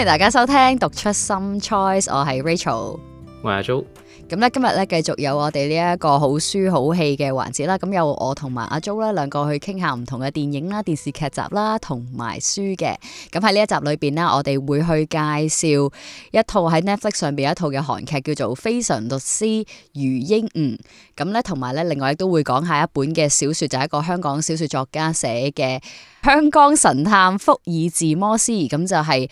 歡迎大家收聽讀出 Some Choice，我係 Rachel，我係阿 Jo。咁咧今日咧繼續有我哋呢一個好書好戲嘅環節啦。咁有我同埋阿 Jo 啦兩個去傾下唔同嘅電影啦、電視劇集啦同埋書嘅。咁喺呢一集裏邊啦，我哋會去介紹一套喺 Netflix 上邊一套嘅韓劇叫做《非常律師禹英禑》。咁咧同埋咧，另外亦都會講下一本嘅小說，就係、是、一個香港小說作家寫嘅《香港神探福爾字摩斯》。咁就係。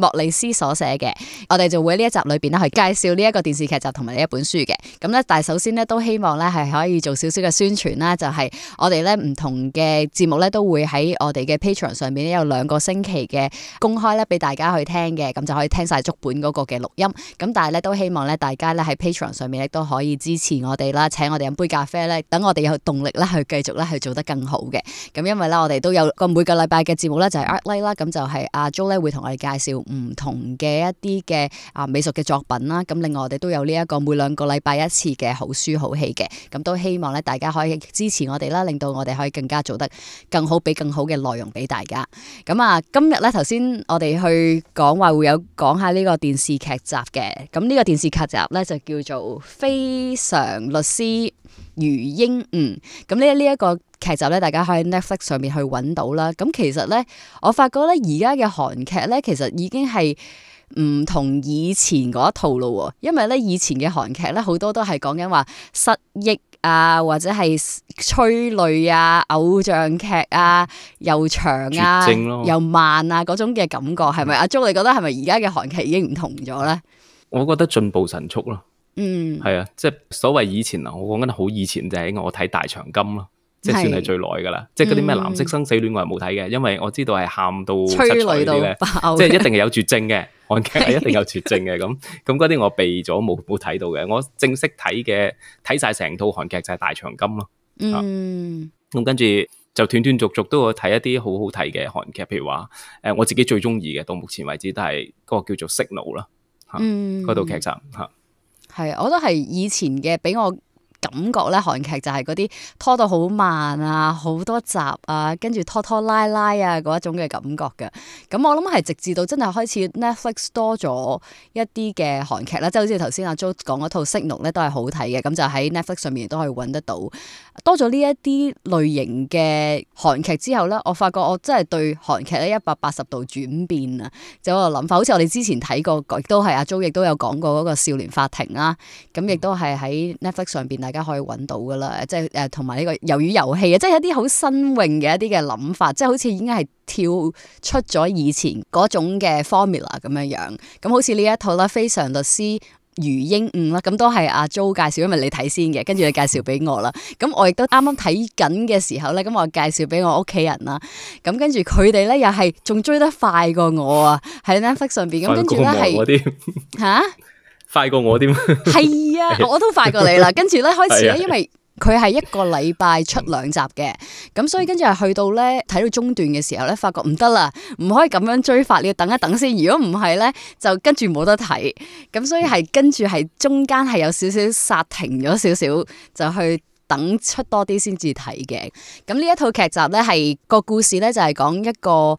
莫里斯所寫嘅，我哋就會喺呢一集裏邊咧去介紹呢一個電視劇集同埋呢一本書嘅。咁呢，但係首先呢，都希望呢係可以做少少嘅宣傳啦，就係、是、我哋呢唔同嘅節目呢，都會喺我哋嘅 Patreon 上面呢，有兩個星期嘅公開呢，俾大家去聽嘅，咁就可以聽晒足本嗰個嘅錄音。咁但係呢，都希望呢大家呢喺 Patreon 上面呢，都可以支持我哋啦，請我哋飲杯咖啡呢，等我哋有動力呢去繼續呢，去做得更好嘅。咁因為呢，我哋都有個每個禮拜嘅節目呢、啊，就係 Art Life 啦，咁就係阿 Jo 咧會同我哋介紹。唔同嘅一啲嘅啊，美術嘅作品啦，咁另外我哋都有呢一個每兩個禮拜一次嘅好書好戲嘅，咁都希望咧大家可以支持我哋啦，令到我哋可以更加做得更好，俾更好嘅內容俾大家。咁啊，今日咧頭先我哋去講話會有講下呢個電視劇集嘅，咁呢個電視劇集咧就叫做《非常律師》。禹英禑，嗯，咁呢呢一個劇集咧，大家可以 Netflix 上面去揾到啦。咁其實咧，我發覺咧，而家嘅韓劇咧，其實已經係唔同以前嗰一套咯。因為咧，以前嘅韓劇咧，好多都係講緊話失憶啊，或者係催淚啊、偶像劇啊、又長啊、又慢啊嗰種嘅感覺，係咪？嗯、阿 Joe，你覺得係咪而家嘅韓劇已經唔同咗咧？我覺得進步神速咯。嗯，係、mm. 啊，即係所謂以前啊，我講緊好以前就係我睇《大長今》咯是，即係算係最耐噶啦。Mm. 即係嗰啲咩《藍色生死戀》我又冇睇嘅，因為我知道係喊到七彩，催淚到爆嘅。即係一定係有絕症嘅 韓劇係一定有絕症嘅。咁咁嗰啲我避咗，冇冇睇到嘅。我正式睇嘅睇晒成套韓劇就係《大長今》咯、mm. 啊。嗯，咁跟住就斷斷續續，續都會睇一啲好好睇嘅韓劇，譬如話誒、呃、我自己最中意嘅到目前為止都係嗰個叫做 al,、啊《Signal》啦吓，嗰部劇集吓。係啊，我都係以前嘅俾我。感覺咧，韓劇就係嗰啲拖到好慢啊，好多集啊，跟住拖拖拉拉啊嗰一種嘅感覺嘅。咁我諗係直至到真係開始 Netflix 多咗一啲嘅韓劇啦，即係 好似頭先阿 Jo 講嗰套《Signal》咧，都係好睇嘅。咁就喺 Netflix 上面都可以揾得到。多咗呢一啲類型嘅韓劇之後咧，我發覺我真係對韓劇咧一百八十度轉變啊！就係我諗好似我哋之前睇過，亦都係阿 Jo 亦都有講過嗰個《少年法庭》啦。咁亦都係喺 Netflix 上邊大家可以揾到噶啦，即係誒，同埋呢個魷魚遊戲啊，即係一啲好新穎嘅一啲嘅諗法，即係好似已經係跳出咗以前嗰種嘅 formula 咁樣樣。咁好似呢一套啦，《非常律師禹英禑》啦，咁都係阿、啊、Joe 介紹，因為你睇先嘅，跟住你介紹俾我啦。咁我亦都啱啱睇緊嘅時候咧，咁我介紹俾我屋企人啦。咁跟住佢哋咧，又係仲追得快過我啊！喺 Netflix 上邊，咁跟住咧係吓。 快過我啲，係啊，我都快過你啦。跟住咧，開始咧，因為佢係一個禮拜出兩集嘅，咁所以跟住係去到咧睇到中段嘅時候咧，發覺唔得啦，唔可以咁樣追法，你要等一等先。如果唔係咧，就跟住冇得睇。咁所以係跟住係中間係有少少剎停咗少少，就去等出多啲先至睇嘅。咁呢一套劇集咧，係個故事咧就係、是、講一個。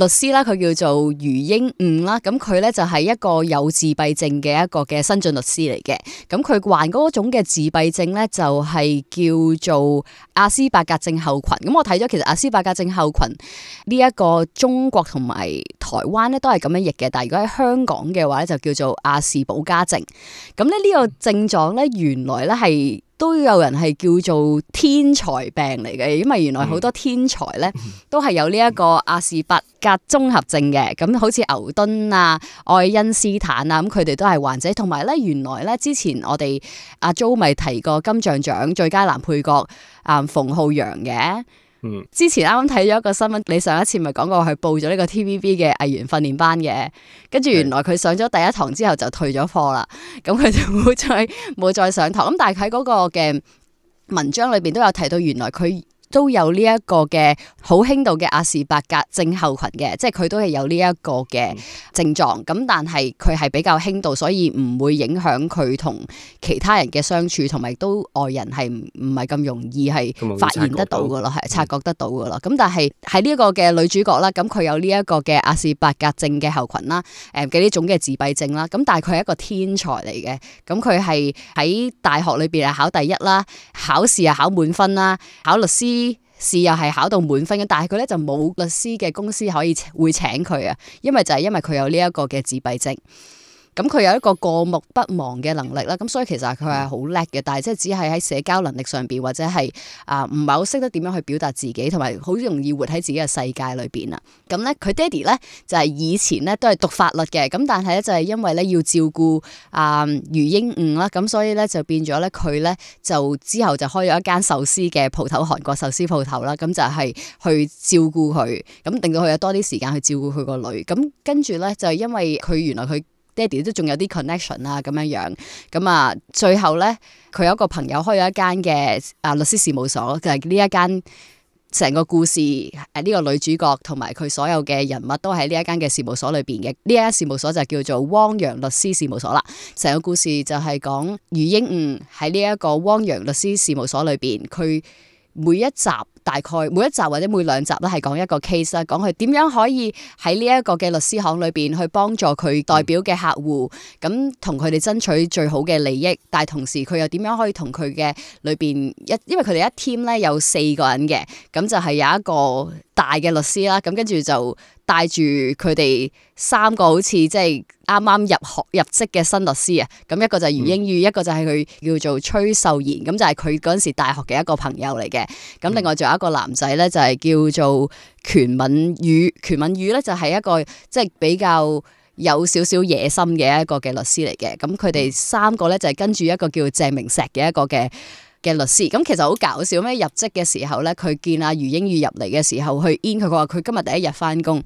律師啦，佢叫做禹英禑啦，咁佢呢就係一個有自閉症嘅一個嘅新晉律師嚟嘅。咁佢患嗰種嘅自閉症呢，就係叫做阿斯伯格症候群。咁我睇咗，其實阿斯伯格症候群呢一個中國同埋台灣呢都係咁樣譯嘅，但係如果喺香港嘅話呢就叫做阿士保加症。咁咧呢個症狀呢，原來呢係。都有人係叫做天才病嚟嘅，因為原來好多天才咧都係有呢一個阿士伯格綜合症嘅，咁 好似牛頓啊、愛因斯坦啊，咁佢哋都係患者。同埋咧，原來咧之前我哋阿 Joe 咪提過金像獎最佳男配角啊，馮、呃、浩洋嘅。之前啱啱睇咗一個新聞，你上一次咪講過佢報咗呢個 TVB 嘅藝員訓練班嘅，跟住原來佢上咗第一堂之後就退咗課啦，咁佢就冇再冇再上堂。咁但係喺嗰個嘅文章裏邊都有提到，原來佢。都有呢一個嘅好輕度嘅阿氏伯格症候群嘅，即係佢都係有呢一個嘅症狀。咁但係佢係比較輕度，所以唔會影響佢同其他人嘅相處，同埋都外人係唔唔係咁容易係發現得到噶咯，係、嗯、察覺得到噶咯。咁但係喺呢一個嘅女主角啦，咁佢有呢一個嘅阿氏伯格症嘅候群啦，誒嘅呢種嘅自閉症啦。咁但係佢係一個天才嚟嘅，咁佢係喺大學裏邊啊考第一啦，考試啊考滿分啦，考律師。又試又係考到滿分嘅，但係佢呢就冇律師嘅公司可以會請佢啊，因為就係因為佢有呢一個嘅自閉症。咁佢有一個過目不忘嘅能力啦，咁所以其實佢係好叻嘅，但係即係只係喺社交能力上邊或者係啊唔係好識得點樣去表達自己，同埋好容易活喺自己嘅世界裏邊啦。咁咧，佢爹哋咧就係、是、以前咧都係讀法律嘅，咁但係咧就係、是、因為咧要照顧啊、呃、禹英禑啦，咁所以咧就變咗咧佢咧就之後就開咗一間壽司嘅鋪頭，韓國壽司鋪頭啦。咁就係去照顧佢，咁令到佢有多啲時間去照顧佢個女。咁跟住咧就係、是、因為佢原來佢。爹哋都仲有啲 connection 啊，咁樣樣，咁啊，最後咧，佢有一個朋友開咗一間嘅啊律師事務所，就係、是、呢一間成個故事誒呢、啊這個女主角同埋佢所有嘅人物都喺呢一間嘅事務所裏邊嘅，呢一間事務所就叫做汪洋律師事務所啦。成個故事就係講禹英禑喺呢一個汪洋律師事務所裏邊，佢每一集。大概每一集或者每兩集咧，係講一個 case 啦，講佢點樣可以喺呢一個嘅律師行裏邊去幫助佢代表嘅客戶，咁同佢哋爭取最好嘅利益。但係同時佢又點樣可以同佢嘅裏邊一，因為佢哋一 team 咧有四個人嘅，咁就係有一個大嘅律師啦，咁跟住就帶住佢哋三個好似即係啱啱入學入職嘅新律師啊，咁一個就係禹英禑、嗯、一個就係佢叫做崔秀妍，咁就係佢嗰陣時大學嘅一個朋友嚟嘅，咁另外仲有一個男仔咧，就係、是、叫做權敏宇。權敏宇咧就係、是、一個即係、就是、比較有少少野心嘅一個嘅律師嚟嘅。咁佢哋三個咧就係、是、跟住一個叫做鄭明石嘅一個嘅嘅律師。咁其實好搞笑咩？入職嘅時候咧，佢見阿禹英禑入嚟嘅時候去 in，佢話佢今日第一日返工，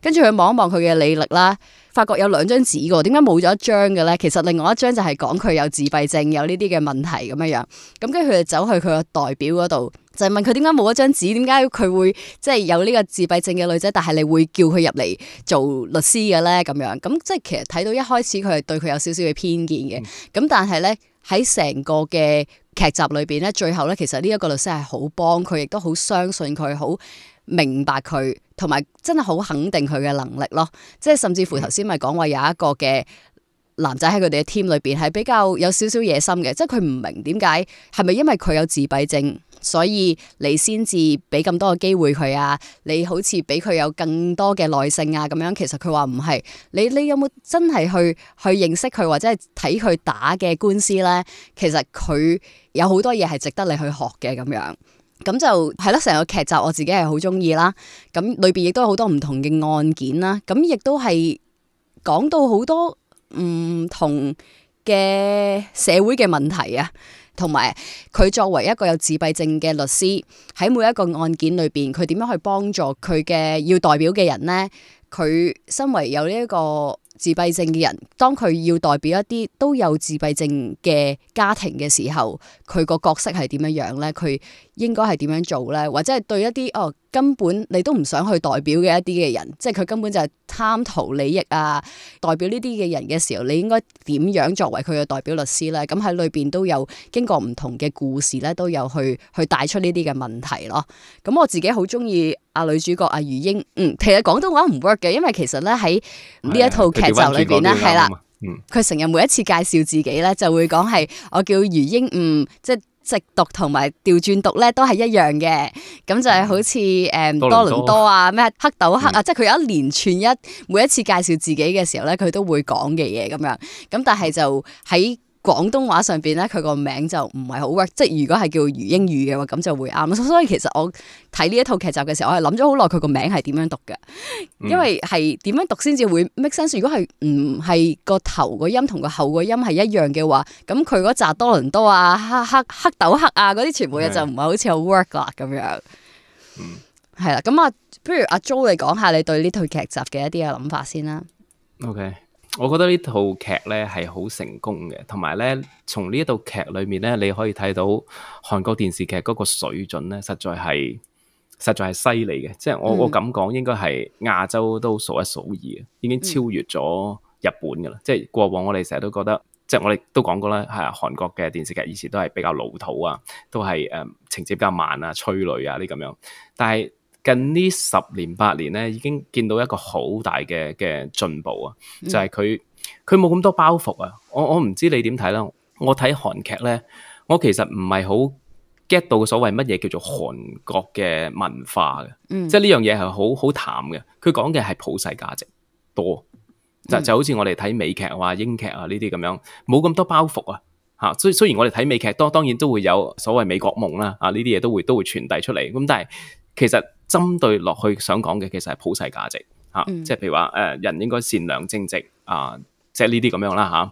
跟住佢望一望佢嘅履歷啦。發覺有兩張紙喎，點解冇咗一張嘅咧？其實另外一張就係講佢有自閉症，有呢啲嘅問題咁樣樣。咁跟住佢就走去佢個代表嗰度，就係、問佢點解冇一張紙？點解佢會即係、就係、有呢個自閉症嘅女仔？但係你會叫佢入嚟做律師嘅咧？咁樣咁即係其實睇到一開始佢係對佢有少少嘅偏見嘅。咁、嗯、但係咧喺成個嘅劇集裏邊咧，最後咧其實呢一個律師係好幫佢，亦都好相信佢，好明白佢。同埋真係好肯定佢嘅能力咯，即係甚至乎頭先咪講話有一個嘅男仔喺佢哋嘅 team 裏邊係比較有少少野心嘅，即係佢唔明點解係咪因為佢有自閉症，所以你先至俾咁多嘅機會佢啊？你好似俾佢有更多嘅耐性啊咁樣，其實佢話唔係，你你有冇真係去去認識佢或者係睇佢打嘅官司咧？其實佢有好多嘢係值得你去學嘅咁樣。咁就係咯，成個劇集我自己係好中意啦。咁裏邊亦都有好多唔同嘅案件啦。咁亦都係講到好多唔同嘅社會嘅問題啊，同埋佢作為一個有自閉症嘅律師，喺每一個案件裏邊，佢點樣去幫助佢嘅要代表嘅人呢？佢身為有呢一個自閉症嘅人，當佢要代表一啲都有自閉症嘅家庭嘅時候，佢個角色係點樣樣咧？佢。應該係點樣做咧？或者係對一啲哦根本你都唔想去代表嘅一啲嘅人，即係佢根本就係貪圖利益啊，代表呢啲嘅人嘅時候，你應該點樣作為佢嘅代表律師咧？咁喺裏邊都有經過唔同嘅故事咧，都有去去帶出呢啲嘅問題咯。咁我自己好中意阿女主角阿禹英禑，嗯，其實廣東話唔 work 嘅，因為其實咧喺呢一套劇集裏邊咧，係啦，佢成日每一次介紹自己咧，就會講係我叫禹英禑，嗯，即係。直讀同埋調轉讀咧都係一樣嘅，咁就係好似誒、嗯、多倫多啊、咩黑豆黑啊，嗯、即係佢有一連串一每一次介紹自己嘅時候咧，佢都會講嘅嘢咁樣，咁但係就喺廣東話上邊咧，佢個名就唔係好 work，即係如果係叫用英語嘅話，咁就會啱。所以其實我睇呢一套劇集嘅時候，我係諗咗好耐，佢個名係點樣讀嘅？因為係點樣讀先至會 make sense。如果係唔係個頭個音同個後個音係一樣嘅話，咁佢嗰紮多倫多啊、黑黑黑豆黑啊嗰啲全部嘢就唔係好似好 work 啦咁 Okay. 樣。係啦、mm.，咁啊，不如阿 Joe 你講下你對呢套劇集嘅一啲嘅諗法先啦。OK。我覺得呢套劇咧係好成功嘅，同埋咧從呢一套劇裏面咧，你可以睇到韓國電視劇嗰個水準咧，實在係實在係犀利嘅。即係我我咁講，應該係亞洲都數一數二嘅，已經超越咗日本噶啦。即係過往我哋成日都覺得，即係我哋都講過啦，係韓國嘅電視劇以前都係比較老土啊，都係誒情節比較慢啊、催淚啊啲咁樣，但係，近呢十年八年咧，已經見到一個好大嘅嘅進步啊！嗯、就係佢佢冇咁多包袱啊！我我唔知你點睇啦。我睇韓劇咧，我其實唔係好 get 到所謂乜嘢叫做韓國嘅文化嘅，嗯、即係呢樣嘢係好好淡嘅。佢講嘅係普世價值多，就、嗯、就好似我哋睇美劇啊、英劇啊呢啲咁樣，冇咁多包袱啊！吓，雖雖然我哋睇美劇，當然當然都會有所謂美國夢啦，啊呢啲嘢都會都會傳遞出嚟，咁但係。其實針對落去想講嘅，其實係普世價值吓，即係譬如話誒，人應該善良正直啊，即係呢啲咁樣啦吓。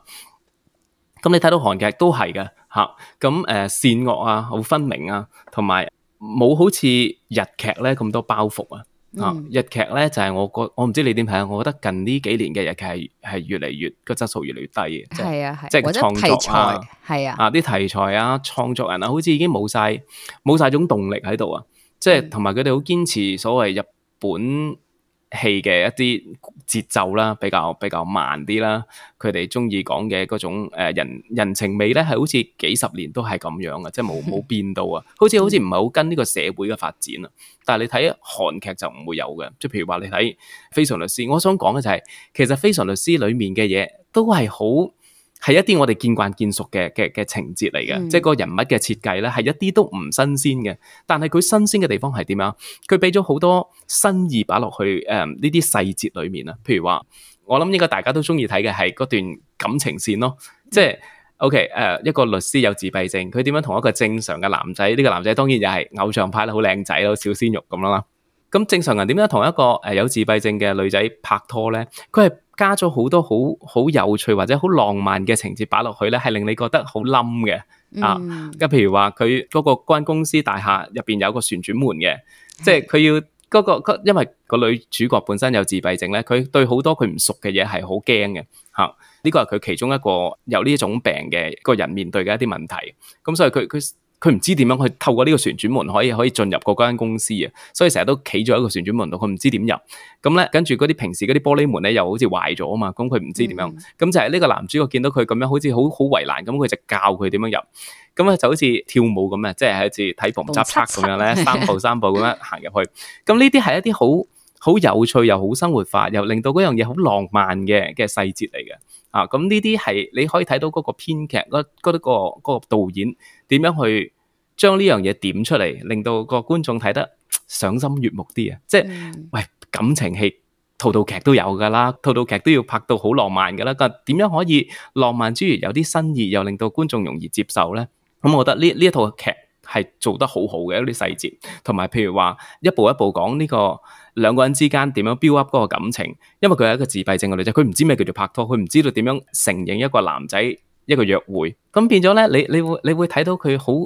咁、啊、你睇到韓劇都係嘅吓，咁、啊、誒、啊、善惡啊好分明啊，同埋冇好似日劇咧咁多包袱啊。啊，嗯、日劇咧就係、是、我覺得，我唔知你點睇，我覺得近呢幾年嘅日劇係係越嚟越個質素越嚟越低嘅，係、就是、啊係，即係創作啊，係啊啊啲題材啊，創作人啊，好似已經冇晒冇晒種動力喺度啊。即係同埋佢哋好堅持所謂日本戲嘅一啲節奏啦，比較比較慢啲啦。佢哋中意講嘅嗰種誒、呃、人人情味咧，係好似幾十年都係咁樣嘅，即係冇冇變到啊。好似好似唔係好跟呢個社會嘅發展啊。但係你睇韓劇就唔會有嘅，即係譬如話你睇《非常律師》，我想講嘅就係其實《非常律師》裏面嘅嘢都係好。係一啲我哋見慣見熟嘅嘅嘅情節嚟嘅，嗯、即係個人物嘅設計咧，係一啲都唔新鮮嘅。但係佢新鮮嘅地方係點樣？佢俾咗好多新意擺落去誒呢啲細節裏面啊。譬如話，我諗應該大家都中意睇嘅係嗰段感情線咯。嗯、即係，OK 誒、呃，一個律師有自閉症，佢點樣同一個正常嘅男仔？呢、呢個男仔當然又係偶像派啦，好靚仔咯，小鮮肉咁啦。咁正常人點樣同一個誒有自閉症嘅女仔拍拖咧？佢係。加咗好多好好有趣或者好浪漫嘅情節擺落去咧，係令你覺得好冧嘅啊！咁譬如話佢嗰個關公司大廈入邊有個旋轉門嘅，即係佢要嗰個個，因為個女主角本身有自閉症咧，佢對好多佢唔熟嘅嘢係好驚嘅吓。呢個係佢其中一個有呢種病嘅個人面對嘅一啲問題。咁所以佢佢。佢唔知點樣去透過呢個旋轉門可以可以進入嗰間公司啊，所以成日都企咗一個旋轉門度，佢唔知點入咁咧。跟住嗰啲平時嗰啲玻璃門咧，又好似壞咗啊嘛。咁佢唔知點樣咁、嗯、就係呢個男主角見到佢咁樣，好似好好為難咁，佢就教佢點樣入咁咧，就好似跳舞咁啊，即係好似睇縫積冊咁樣咧，三步三步咁樣行入去。咁呢啲係一啲好好有趣又好生活化，又令到嗰樣嘢好浪漫嘅嘅細節嚟嘅啊。咁呢啲係你可以睇到嗰個編劇嗰嗰啲個、嗰個嗰個導演。點樣去將呢樣嘢點出嚟，令到個觀眾睇得賞心悅目啲啊！即係、嗯、喂，感情戲套套劇都有噶啦，套套劇都要拍到好浪漫噶啦。咁點樣可以浪漫之餘有啲新意，又令到觀眾容易接受咧？咁、嗯、我覺得呢呢一套劇係做得好好嘅，一啲細節同埋，譬如話一步一步講呢個兩個人之間點樣 build up 嗰個感情，因為佢係一個自閉症嘅女仔，佢唔知咩叫做拍拖，佢唔知道點樣承認一個男仔。一個約會，咁變咗咧，你你會你會睇到佢好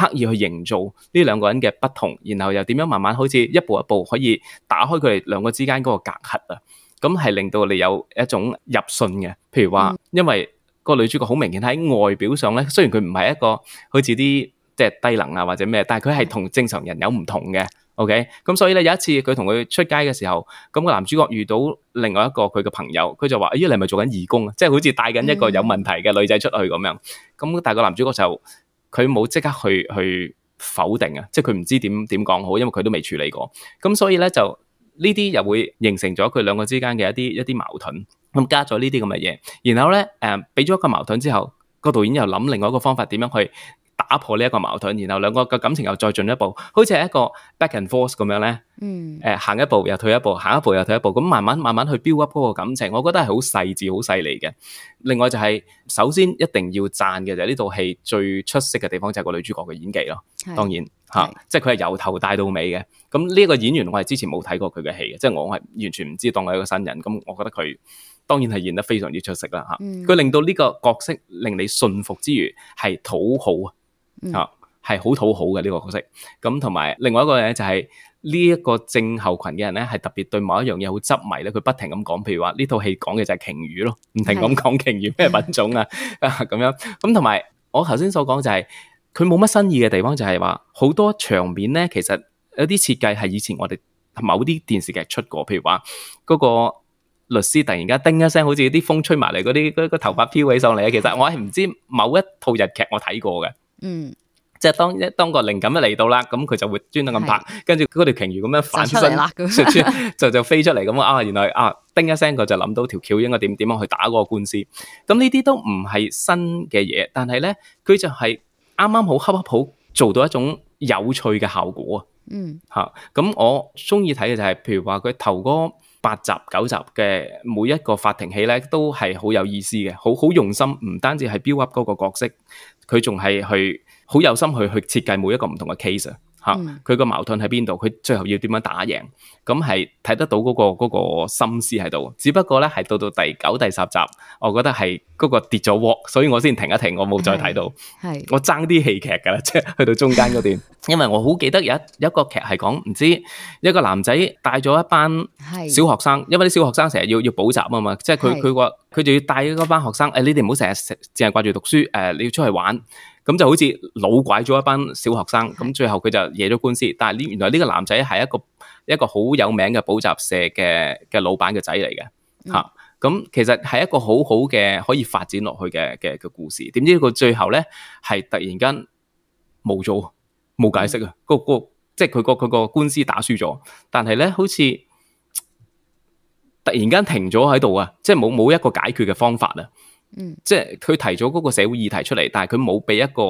刻意去營造呢兩個人嘅不同，然後又點樣慢慢好似一步一步可以打開佢哋兩個之間嗰個隔閡啊，咁係令到你有一種入信嘅。譬如話，因為個女主角好明顯喺外表上咧，雖然佢唔係一個好似啲即係低能啊或者咩，但係佢係同正常人有唔同嘅。O K，咁所以咧有一次佢同佢出街嘅時候，咁個男主角遇到另外一個佢嘅朋友，佢就話：咦，你係咪做緊義工啊？即係好似帶緊一個有問題嘅女仔出去咁樣。咁但係個男主角就佢冇即刻去去否定啊，即係佢唔知點點講好，因為佢都未處理過。咁所以咧就呢啲又會形成咗佢兩個之間嘅一啲一啲矛盾。咁加咗呢啲咁嘅嘢，然後咧誒，俾咗一個矛盾之後，個導演又諗另外一個方法點樣去。打破呢一個矛盾，然後兩個嘅感情又再進一步，好似係一個 back and forth 咁樣咧。嗯，誒行、呃、一步又退一步，行一步又退一步，咁慢慢慢慢去 build up 嗰個感情，我覺得係好細緻、好犀利嘅。另外就係、是、首先一定要讚嘅就係呢套戲最出色嘅地方就係個女主角嘅演技咯。當然嚇、啊，即係佢係由頭帶到尾嘅。咁呢一個演員我係之前冇睇過佢嘅戲嘅，即係我係完全唔知當我係一個新人。咁我覺得佢當然係演得非常之出色啦嚇。佢、啊嗯、令到呢個角色令你信服之餘係討好啊。嗯、啊，係好討好嘅呢、這個角色，咁同埋另外一個咧就係、是這個、呢一個症候群嘅人咧，係特別對某一樣嘢好執迷咧，佢不停咁講，譬如話呢套戲講嘅就係鯨魚咯，唔停咁講鯨魚咩品種啊咁是、 啊、樣，咁同埋我頭先所講就係佢冇乜新意嘅地方就係話好多場面咧，其實有啲設計係以前我哋某啲電視劇出過，譬如話嗰個律師突然間叮一聲，好似啲風吹埋嚟嗰啲嗰個頭髮飄起上嚟啊， 其實我係唔知某一套日劇我睇過嘅。嗯，即係當一當個靈感一嚟到啦，咁佢就會專登咁拍，跟住嗰條鯨魚咁樣反身，出來 就就就飛出嚟咁啊！原來啊，叮一聲佢就諗到條橋應該點點樣去打嗰個官司。咁呢啲都唔係新嘅嘢，但係咧佢就係啱啱好恰恰好做到一種有趣嘅效果、嗯、啊！嗯，吓咁我中意睇嘅就係、是，譬如話佢頭個。八集九集嘅每一個法庭戲咧，都係好有意思嘅，好好用心，唔單止係 build up 嗰個角色，佢仲係去好有心去去設計每一個唔同嘅 case。吓，佢個矛盾喺邊度？佢最後要點樣打贏？咁係睇得到嗰個嗰個心思喺度。只不過咧，係到到第九第十集，我覺得係嗰個跌咗鑊，所以我先停一停，我冇再睇到。係，我爭啲戲劇噶啦，即 係去到中間嗰段， 因為我好記得有一有一個劇係講，唔知一個男仔帶咗一班小學生，因為啲小學生成日要要補習啊嘛，即係佢佢個佢就要帶嗰班學生，誒，你哋唔好成日成淨係掛住讀書，誒，你要出去玩。咁就好似老拐咗一班小學生，咁最後佢就惹咗官司。但係呢，原來呢個男仔係一個一個好有名嘅補習社嘅嘅老闆嘅仔嚟嘅，吓、咁、嗯、其實係一個好好嘅可以發展落去嘅嘅嘅故事。點知佢最後咧係突然間冇咗，冇解釋啊！嗯，嗰個即個，即係佢個佢個官司打輸咗，但係咧好似突然間停咗喺度啊！即係冇冇一個解決嘅方法啊！即係佢提咗嗰個社會議題出嚟，但係佢冇俾一個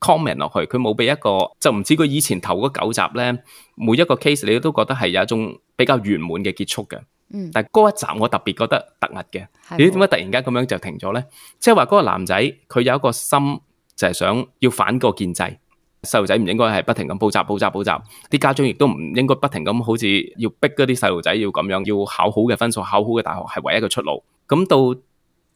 comment 落去，佢冇俾一個就唔似佢以前頭嗰九集咧，每一個 case 你都覺得係有一種比較圓滿嘅結束嘅。嗯，但係嗰一集我特別覺得突兀嘅，咦？點解突然間咁樣就停咗咧？即係話嗰個男仔佢有一個心就係想要反個建制，細路仔唔應該係不停咁補習補習補習，啲家長亦都唔應該不停咁好似要逼嗰啲細路仔要咁樣要考好嘅分數，考好嘅大學係唯一嘅出路。咁到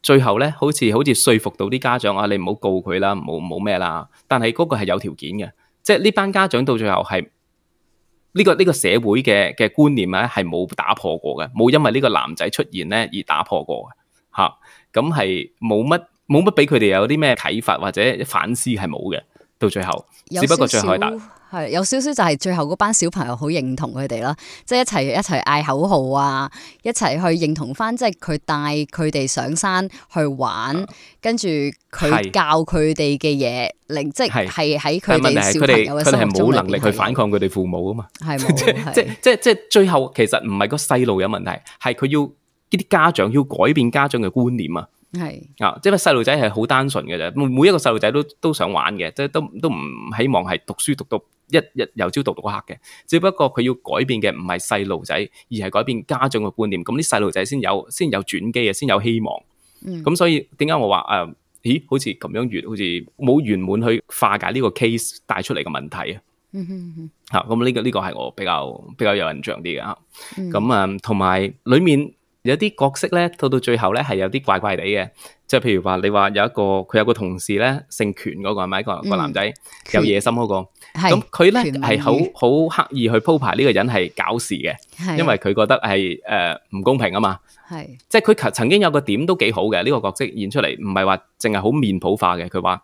最後咧，好似好似說服到啲家長啊，你唔好告佢啦，唔好唔好咩啦。但係嗰個係有條件嘅，即係呢班家長到最後係呢個呢個社會嘅嘅觀念咧，係冇打破過嘅，冇因為呢個男仔出現咧而打破過嘅。吓、啊，咁係冇乜冇乜俾佢哋有啲咩啟發，或者反思係冇嘅。到最後，只不過最後係有少少就係最後嗰班小朋友好認同佢哋啦，即係一齊一齊嗌口號啊，一齊去認同翻，即係佢帶佢哋上山去玩，跟住佢教佢哋嘅嘢，令是即係係喺佢哋。佢哋佢係冇能力去反抗佢哋父母啊嘛，係 即係即係即係最後，其實唔係個細路有問題，係佢要呢啲家長要改變家長嘅觀念啊。係是啊，即係細路仔係好單純嘅啫，每一個細路仔都都想玩嘅，即係都都唔希望係讀書讀到一日由朝讀到黑嘅，只不過佢要改變嘅唔係細路仔，而係改變家長嘅觀念，咁啲細路仔先有先有轉機啊，先有希望。咁、嗯、所以點解我話誒、啊，咦，好似咁樣完，好似冇圓滿去化解呢個 case 帶出嚟嘅問題、嗯、哼哼啊？吓、這個，咁、這、呢個呢個係我比較比較有印象啲嘅吓。咁、嗯、啊，同埋裡面。有啲角色咧，到到最後咧，係有啲怪怪地嘅，即係譬如話，你話有一個佢有個同事咧，姓權嗰個係咪嗰個男仔有野心嗰個？咁佢咧，係好好刻意去鋪排呢個人係搞事嘅，因為佢覺得係誒唔公平啊嘛。係即係佢曾經有個點都幾好嘅，呢個角色演出嚟唔係話淨係好面譜化嘅。佢話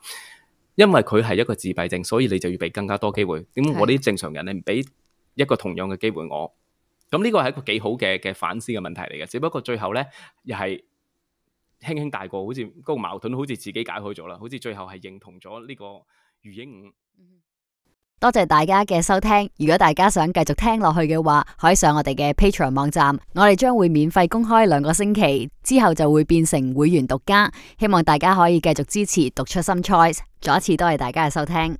因為佢係一個自閉症，所以你就要俾更加多機會。咁我啲正常人，你唔俾一個同樣嘅機會我。咁呢個係一個幾好嘅嘅反思嘅問題嚟嘅，只不過最後呢，又係輕輕大過，好似嗰個矛盾好似自己解開咗啦，好似最後係認同咗呢個禹英禑。多謝大家嘅收聽，如果大家想繼續聽落去嘅話，可以上我哋嘅 Patreon 網站，我哋將會免費公開兩個星期，之後就會變成會員獨家，希望大家可以繼續支持讀出心 choice，再一次多謝大家嘅收聽。